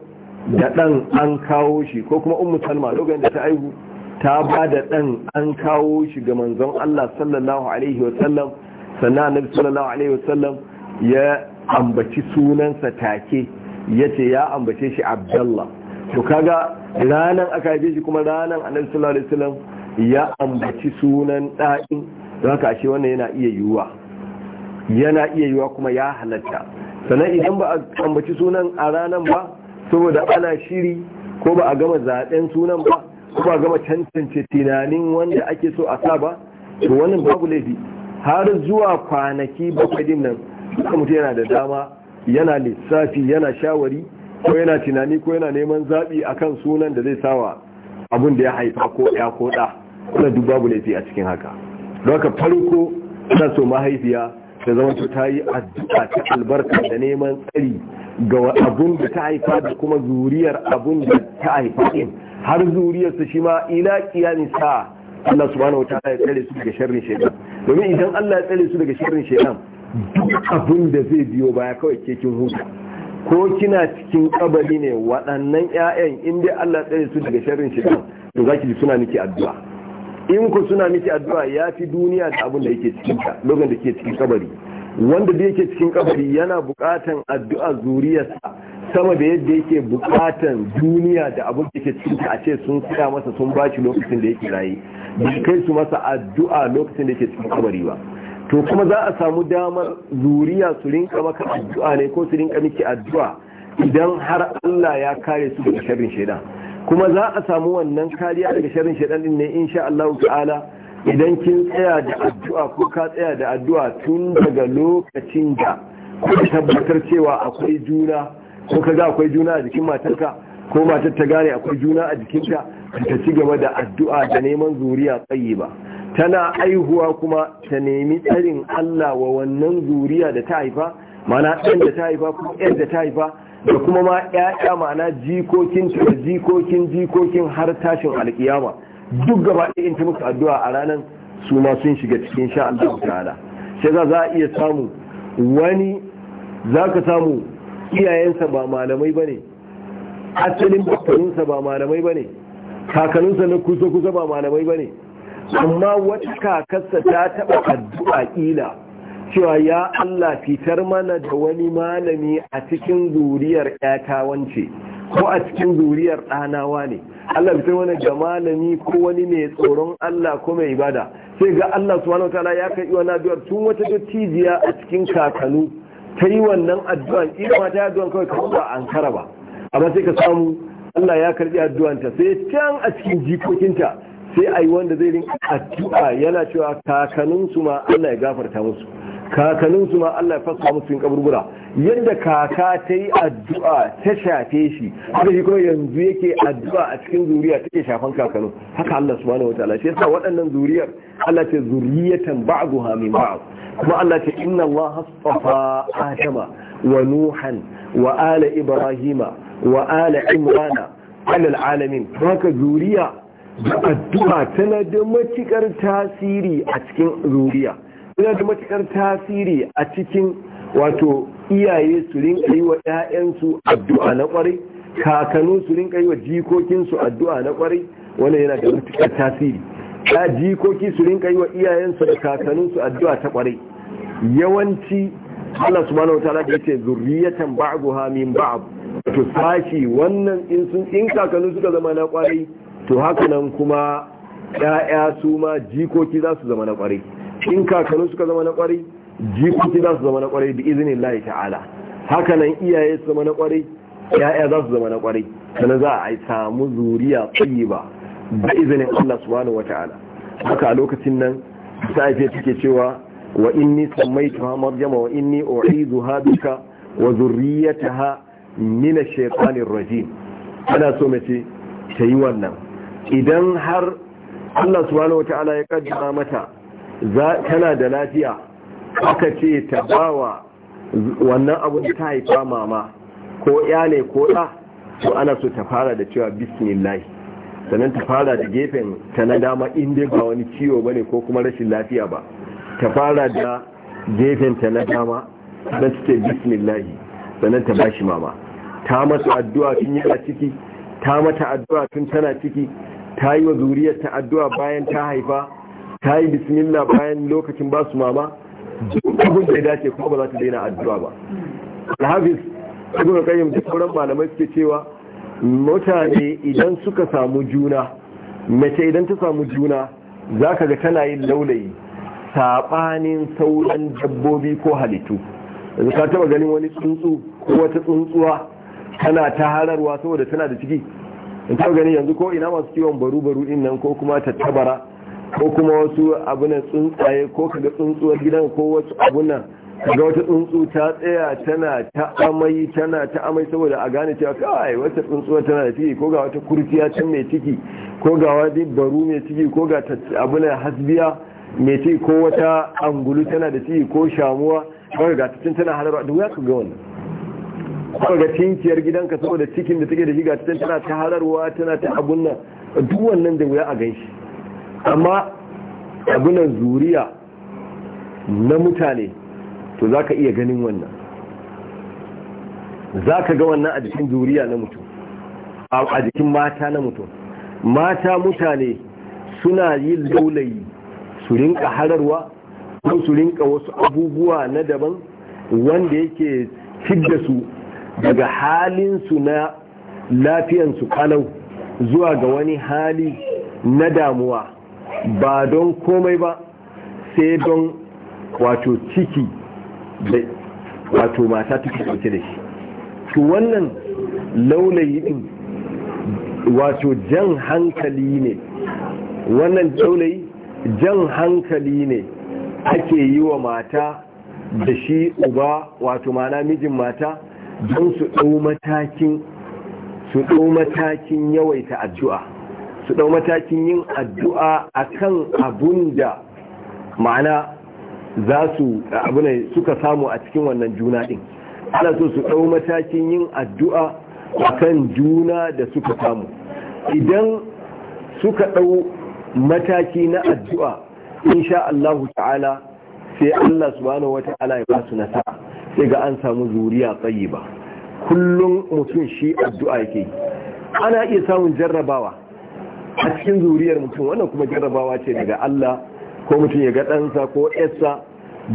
da dan an kawo shi ko kuma ummu salma lokacin da ta aihu ta ba da dan an kawo shi ga manzon Allah sallallahu alaihi wasallam sannan annabi sallallahu alaihi wasallam ya ambaci sunansa take yace ya ambace shi abdallah to kaga ranan aka haife shi kuma ranan annabi sallallahu alaihi wasallam ya ambaci sunan da'in don haka ashe wannan yana iya yiwuwa yana iya yiwuwa kuma ya halatta sannan idan ba a ambaci sunan a ranan ba saboda ana shiri ko ba a gama zaɓen sunan ba ko ba a gama cancance tunanin wanda ake so a sa ba to wannan babu laifi har zuwa kwanaki bakwai din nan duka mutum yana da dama yana lissafi yana shawari ko yana tunani ko yana neman zaɓi akan sunan da zai sawa abin da ya haifa ko ya ko ɗa wannan duk babu laifi a cikin haka don haka farko ana so mahaifiya ta zama ta yi addu'a ta albarka da neman tsari ga abun da ta haifa da kuma zuriyar abun da ta haifa din har zuriyarsa shi ma ila kiyami sa Allah subhanahu Ta'ala ya tsare su daga sharrin shaytan domin idan Allah ya tsare su daga sharrin shaytan duk abun da zai biyo baya kawai ke kin ko kina cikin kabari ne waɗannan 'ya'yan inda Allah tsare su daga sharrin shaitan to zaki ji suna miki addu'a in ku suna miki addu'a ya fi duniya da abin da yake cikin ta lokacin da ke cikin kabari wanda da yake cikin kabari yana buƙatan addu'a zuriyarsa sama da yadda yake buƙatan duniya da abin da yake cikin ta a ce sun tsaya masa sun ba shi lokacin da yake raye ba kai su masa addu'a lokacin da yake cikin kabari ba to kuma za a samu damar zuriya su rinka maka addu'a ne ko su rinka miki addu'a idan har Allah ya kare su daga sharrin shaidan kuma za a samu wannan kariya daga sharrin shaidan din ne insha Allah ta'ala idan kin tsaya da addu'a ko ka tsaya da addu'a tun daga lokacin da kuka tabbatar cewa akwai juna ko kaga akwai juna a jikin matarka ko matar ta gane akwai juna a jikinka ta ci gaba da addu'a da neman zuriya tsayi ba tana aihuwa kuma ta nemi tsarin Allah wa wannan zuriya da ta haifa mana ɗan da ta haifa ko ɗan da ta haifa da kuma ma ƴaƴa mana jikokin da jikokin jikokin har tashin alƙiyama duk gaba ɗaya ta musu addu'a a ranar su ma sun shiga cikin sha Allah ta'ala sai za a iya samu wani za ka samu iyayensa ba malamai ba ne asalin bakwarinsa ba malamai ba ne kakanninsa na kusa kusa ba malamai ba ne amma wata kakarsa ta taɓa addu'a ƙila cewa ya Allah fitar mana da wani malami a cikin zuriyar ƴata wance ko a cikin zuriyar ɗanawa ne Allah fitar mana da malami ko wani mai tsoron Allah ko mai ibada sai ga Allah subhanahu wataala ya kai wani addu'ar tun wata dattijiya a cikin kakanu ta yi wannan addu'an ita ma ta yi addu'an kawai ka ba an kara ba amma sai ka samu Allah ya karbi addu'anta sai can a cikin jikokinta sai a yi wanda zai rinka addu'a yana cewa kakanninsu ma Allah ya gafarta musu kakanninsu ma Allah ya fasa musu cikin kaburbura yadda kaka ta yi addu'a ta shafe shi haka shi kuma yanzu yake addu'a a cikin zuriya take shafan kakanin haka Allah subhanahu wataala shi yasa waɗannan zuriyar Allah ce zuriyatan ba'duha min ba'd kuma Allah ce inna Allah astafa Adama wa Nuhan wa ala Ibrahima wa ala imrana ala alamin haka zuriya addu'a tana da matukar tasiri a cikin zuriya tana da matukar tasiri a cikin wato iyaye su rinka yi wa 'ya'yansu addu'a na kwarai kakanu su rinka yi wa jikokinsu addu'a na kwarai wannan yana da matukar tasiri ya jikoki su rinka yi wa iyayensu da kakanninsu addu'a ta kwarai yawanci Allah subhanahu ta'ala ya ce zurriyatan ba'dha min ba'd tufashi wannan in sun in kakannin suka zama na kwarai to hakanan kuma ya'ya su ma jikoki za su zama na kwarai in kakannin suka zama na kwarai jikoki za su zama na kwarai da izinin lahi ta'ala Hakanan nan iyaye su zama na kwarai ya'ya za su zama na kwarai sana za a samu zuriya tsayi ba da izinin Allah subhanahu haka a lokacin nan sai take cewa wa inni sammaituha marjama wa inni u'izuha bika wa zurriyataha mina shaitanin rajim ana so mace ta yi wannan idan har Allah subhanahu wata'ala ya kaddara mata tana da lafiya aka ce ta bawa wannan abun da ta haifa mama ko ya ne ko ɗa to ana so ta fara da cewa bismillah sannan ta fara da gefen ta na dama inda ba wani ciwo bane ko kuma rashin lafiya ba ta fara da gefen ta na dama don su ce bismillah sannan ta bashi mama ta masu addu'a tun yana ciki ta mata addu'a tun tana ciki ta yi wa zuriyarta addu'a bayan ta haifa ta yi bismillah bayan lokacin ba su mama abin da ya dace kuma ba za ta daina addu'a ba alhafiz da kayan da sauran malamai suke cewa mutane idan suka samu juna mace idan ta samu juna za ka ga tana yin laulayi saɓanin sauran dabbobi ko halittu yanzu ka taba ganin wani tsuntsu ko wata tsuntsuwa tana ta hararwa saboda tana da ciki in ta gani yanzu ko ina masu ciwon baru-baru din nan ko kuma tabara ko kuma wasu abunan tsuntsaye ko kaga tsuntsuwar gidan ko wasu abunan kaga wata tsuntsu ta tsaya tana ta amai tana ta amai saboda a gane cewa kai wata tsuntsuwar tana da ciki ko ga wata kurciya can mai ciki ko ga wani baru mai ciki ko ga abunan hasbiya mai ciki ko wata angulu tana da ciki ko shamuwa kaga ga tana halarwa duk ya ga wannan ko ga tinkiyar gidanka saboda cikin da take da shiga cikin tana ta hararwa tana ta abun nan duk wannan da wuya a gan shi. amma abunan zuriya na mutane to za ka iya ganin wannan Za ka ga wannan a jikin zuriya na mutum a jikin mata na mutum mata mutane suna yin laulayi su rinka hararwa ko su rinka wasu abubuwa na daban wanda yake fidda su daga halinsu na su kalau zuwa ga wani hali na damuwa ba don komai ba sai don wato ciki da wato mata take dauke da shi to wannan laulayi din wato jan hankali ne wannan laulayi jan hankali ne ake yi wa mata da shi uba wato mana mijin mata don su ɗau matakin su ɗau matakin yawaita addu'a su ɗau matakin yin addu'a a kan abun da ma'ana za su abin suka samu a cikin wannan juna ɗin ana so su ɗau matakin yin addu'a a kan juna da suka samu idan suka ɗau mataki na addu'a insha Allah ta'ala sai Allah subhanahu wa ta'ala ya ba su nasara sai ga an samu zuriya tsayi ba kullum mutum shi addu'a yake ana iya samun jarrabawa a cikin zuriyar mutum wannan kuma jarrabawa ce daga Allah ko mutum ya ga ɗansa ko ƴarsa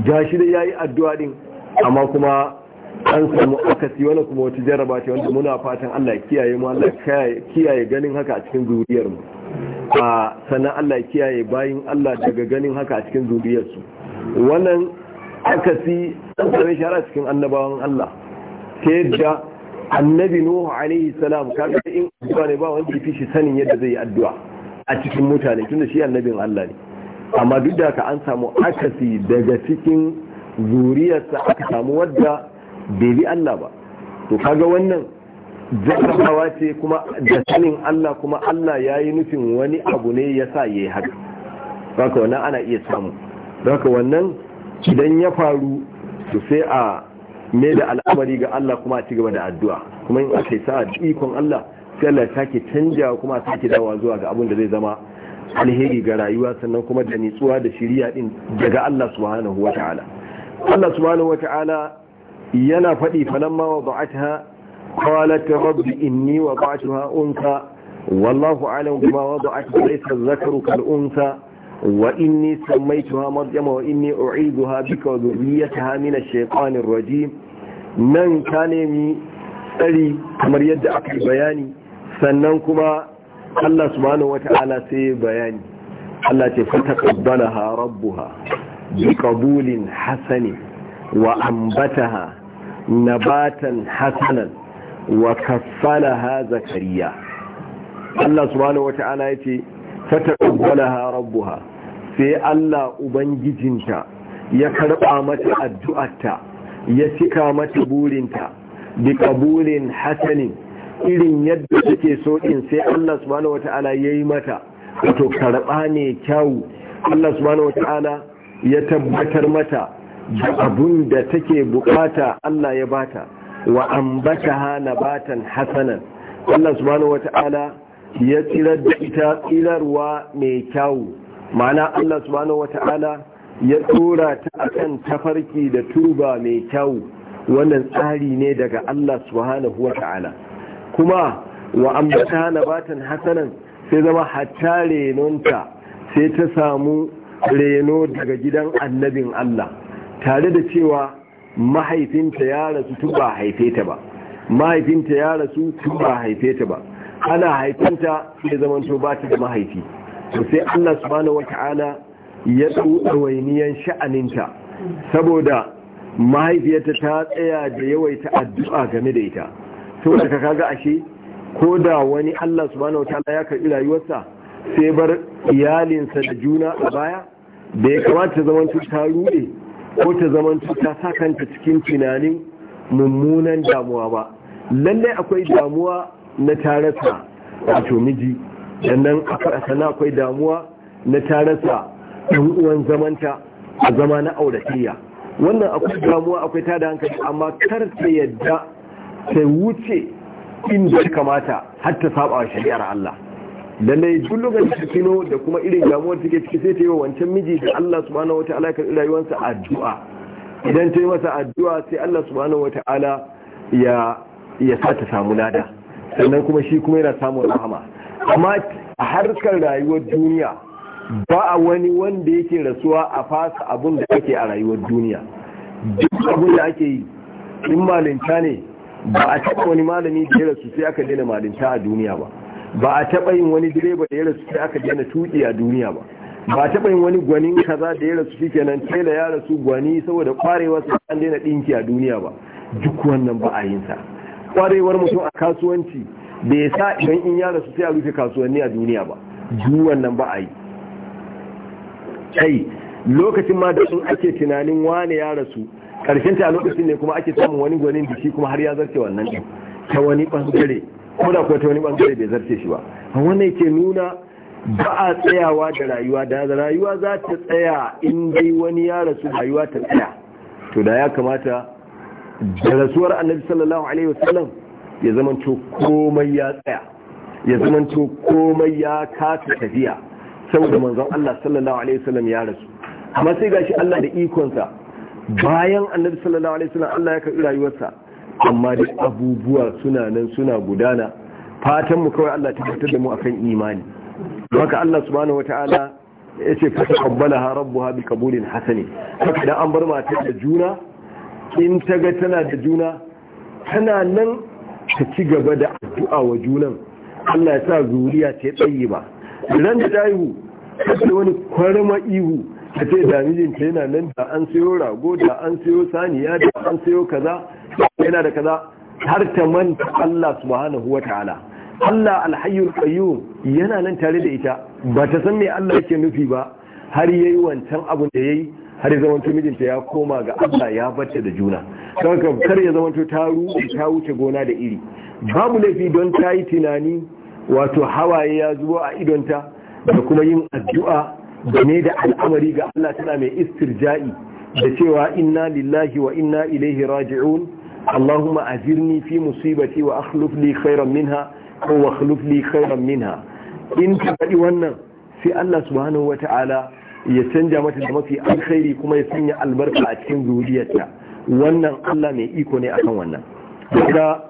gashi da yi addu'a ɗin amma kuma an samu akasi wannan kuma wata jarraba ce wanda muna fatan Allah kiyaye mu Allah kiyaye ganin haka a cikin zuriyar mu a sannan Allah kiyaye bayin Allah daga ganin haka a cikin zuriyar su wannan aka fi an shi cikin annabawan Allah ta yadda annabi Nuhu alaihi salam kaga in addu'a ne ba wanda fi shi sanin yadda zai yi addu'a a cikin mutane tunda shi annabin Allah ne amma duk da ka an samu akasi daga cikin zuriyarsa aka samu wadda bai bi Allah ba to kaga wannan jarrabawa ce kuma da sanin Allah kuma Allah ya yi nufin wani abu ne ya sa ya yi haka haka wannan ana iya samu haka wannan idan ya faru to sai a me da al'amari ga Allah kuma a cigaba da addu'a kuma in aka yi sa'a ikon Allah sai Allah ya sake canja kuma a sake dawa zuwa ga abin da zai zama alheri ga rayuwa sannan kuma da nitsuwa da shiriya din daga Allah subhanahu wata'ala Allah subhanahu wata'ala yana faɗi falamma wada'atha qalat rabbi inni wada'tuha unsa wallahu a'lamu bima wada'at laysa adh-dhakaru kal-unsa وإني سميتها مريم وإني أعيدها بك وذريتها من الشيطان الرجيم من كان tsari kamar yadda aka yi bayani sannan kuma Allah subhanahu wata'ala sai bayani Allah ce fataqabbalaha rabbuha biqabulin hasani wa ambataha nabatan hasanan wa kaffalaha zakariya Allah subhanahu wata'ala yace fataqabbalaha rabbuha sai Allah ubangijinta ya karba mata addu'arta ya cika mata burinta bi qabulin hasanin irin yadda take so din sai Allah subhanahu wataala yayi mata wato karba ne kyau Allah subhanahu wataala ya tabbatar mata da abun da take bukata Allah ya bata wa ambataha nabatan hasanan Allah subhanahu wataala ya tsirar da ita tsirarwa mai kyau, ma'ana Allah subhanahu wata'ala ya tura ta akan tafarki da turba mai kyau. wannan tsari ne daga Allah subhanahu wata'ala kuma wa ambata batan hasanan sai zama hatta renonta sai ta samu reno daga gidan annabin Allah tare da cewa mahaifinta ya rasu tun ba haife ta ba mahaifinta ya rasu tun ba haife ta ba ana haifanta sai zamanto ba ta da mahaifi to sai Allah subhanahu wata'ala ya tsuwa wainiyan sha'aninta saboda mahaifiyarta ta tsaya da yawaita addu'a game da ita to da kaga ashe ko da wani Allah subhanahu wata'ala ya karɓi rayuwarsa sai bar iyalinsa da juna a baya da ya kamata ta zamanto ta ruɗe ko ta zamanto ta sa kanta cikin tunanin mummunan damuwa ba lallai akwai damuwa na tarasa wato miji sannan sannan akwai damuwa na tarasa ɗan uwan zamanta a zama na auratayya wannan akwai damuwa akwai tada hankali amma kar ta yadda ta wuce inda kamata har ta saba wa shari'ar Allah lallai duk lokacin kino da kuma irin damuwar take ciki sai ta yi wa wancan miji da Allah subhanahu wataala ya karɓi rayuwarsa addu'a idan ta yi masa addu'a sai Allah subhanahu wataala ya ya sa ta samu lada sannan kuma shi kuma yana samun rahama amma a harkar rayuwar duniya ba a wani wanda yake rasuwa a fasa abin da ake a rayuwar duniya duk abin da ake yi in malinta ne ba a taɓa wani malami da ya rasu sai aka daina malinta a duniya ba ba a taɓa yin wani direba da ya rasu sai aka daina tuƙi a duniya ba ba a taɓa yin wani gwanin kaza da ya rasu shikenan tela ya rasu gwani saboda kwarewa sai an daina ɗinki a duniya ba duk wannan ba a yin sa kwarewar mutum a kasuwanci bai sa idan in ya rasu sai a rufe kasuwanni a duniya ba juwan wannan ba a yi kai lokacin ma da sun ake tunanin wane ya rasu karshen ta lokacin ne kuma ake samun wani gwanin biki kuma har ya zarce wannan din ta wani bangare ko da ko ta wani bangare bai zarce shi ba wannan yake nuna ba a tsayawa da rayuwa da rayuwa za ta tsaya in dai wani ya rasu rayuwa ta tsaya to da ya kamata da rasuwar annabi sallallahu alaihi wasallam ya to komai ya tsaya ya to komai ya kasa tafiya saboda manzon Allah sallallahu alaihi wasallam ya rasu amma sai gashi Allah da ikonsa bayan annabi sallallahu alaihi wasallam Allah ya karbi rayuwarsa amma da abubuwa suna nan suna gudana fatan mu kawai Allah ta fitar da mu akan imani haka Allah subhanahu wataala yace fa taqabbalaha rabbuha bi qabulin hasani haka da an bar mata da juna in ta ga tana da juna tana nan ta ci gaba da addu'a wa junan Allah ya sa zuriya ce tsayi ba ran da ta ihu ta wani kwarma ihu ta ce da mijinta yana nan da an sayo rago da an sayo saniya da an sayo kaza yana da kaza har ta manta Allah subhanahu wa ta'ala Allah alhayyul qayyum yana nan tare da ita ba ta san me Allah yake nufi ba har yayi wancan abin da yayi har ya zamanto mijinta ya koma ga Allah ya bace da juna kanka kar ya zamanto ta ruɗe ta wuce gona da iri babu laifi don ta yi tunani wato hawaye ya zuwa a idonta da kuma yin addu'a da ne da al'amari ga Allah tana mai istirja'i da cewa inna lillahi wa inna ilaihi raji'un Allahumma ajirni fi musibati wa akhluf li khairan minha ko wa Kairan li khairan minha in ta faɗi wannan sai Allah subhanahu wata'ala ya canja mata da mafi alkhairi kuma ya sanya albarka a cikin zuriyarta wannan Allah mai iko ne akan wannan da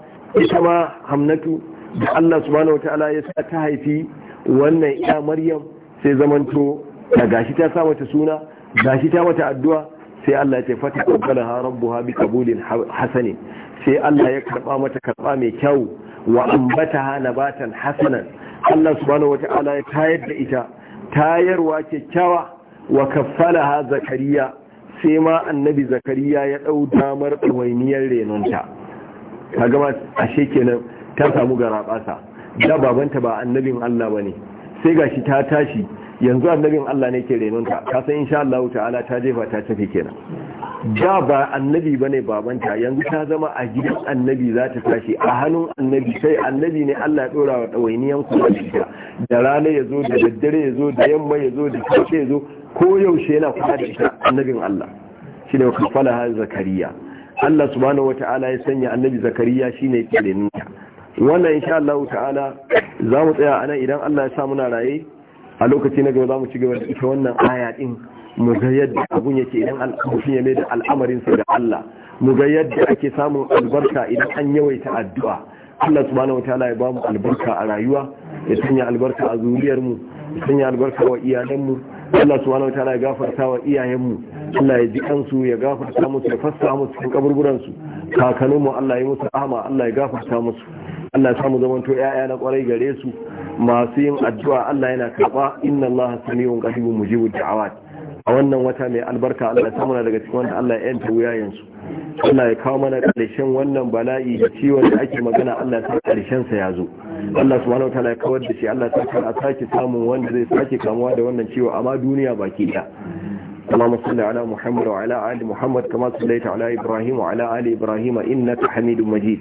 ita ma hamnatu da Allah subhanahu wataala ya sa ta haifi wannan iya maryam sai zamanto da gashi ta sa mata suna gashi ta mata addu'a sai Allah ya ce fata qabbala ha rabbuha bi qabulin hasanin sai Allah ya karba mata karba mai kyau wa ambataha nabatan hasanan Allah subhanahu wataala ya tayar da ita tayarwa kyakkyawa wa ha zakariya sai ma annabi zakariya ya dau damar ɗawainiyar renonta ta gama ashe kenan ta samu garaɓasa da babanta ba annabin Allah ba ne sai gashi ta tashi yanzu annabin Allah ne ke renonta ka san insha Allah ta'ala ta jefa ta tafi kenan da ba annabi bane babanta yanzu ta zama a gidan annabi za ta tashi a hannun annabi sai annabi ne Allah ya dora wa dawainiyan ku da rana ya zo da daddare ya zo da yamma ya zo da kace ya zo ko yaushe yana fada da ita annabin Allah shine kafala kafalaha zakariya Allah subhanahu ta'ala ya sanya annabi zakariya shine tsirenin wannan insha Allah ta'ala za mu tsaya anan idan Allah ya sa muna raye a lokaci na gaba za mu ci gaba da ita wannan aya din mu ga yadda abun yake idan mutum ya mai da al'amarin sa da Allah mu ga yadda ake samun albarka idan an yawaita addu'a Allah subhanahu ta'ala ya ba mu albarka a rayuwa ya sanya albarka a zuriyar mu ya sanya albarka wa iyalan mu Allah subhanahu wa ta'ala ya gafarta wa iyayenmu Allah ya ji kansu ya gafarta musu ya fassa musu cikin kaburburan su kakanninmu Allah ya musu rahama Allah ya gafarta musu Allah ya samu zamanto 'ya'ya na kwarai gare su masu yin addu'a Allah yana karba inna Allah samiyun qaribun mujibud da'awat a wannan wata mai albarka Allah ya samuna daga cikin wanda Allah ya yanta wuyayensu Allah ya kawo mana ƙarshen wannan bala'i da ciwon da ake magana Allah ta sa sa ya zo Allah subhanahu wataala ya kawar da shi Allah ta sa a sake samun wanda zai sake kamuwa da wannan ciwo amma duniya baki daya اللهم صل على محمد وعلى آل محمد كما صليت على إبراهيم وعلى آل إبراهيم إنك حميد مجيد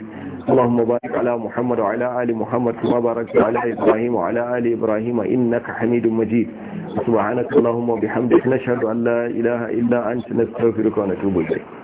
اللهم بارك على محمد وعلى آل محمد كما باركت على إبراهيم وعلى آل إبراهيم إنك حميد مجيد سبحانك اللهم وبحمدك نشهد أن لا إله إلا أنت نستغفرك ونتوب إليك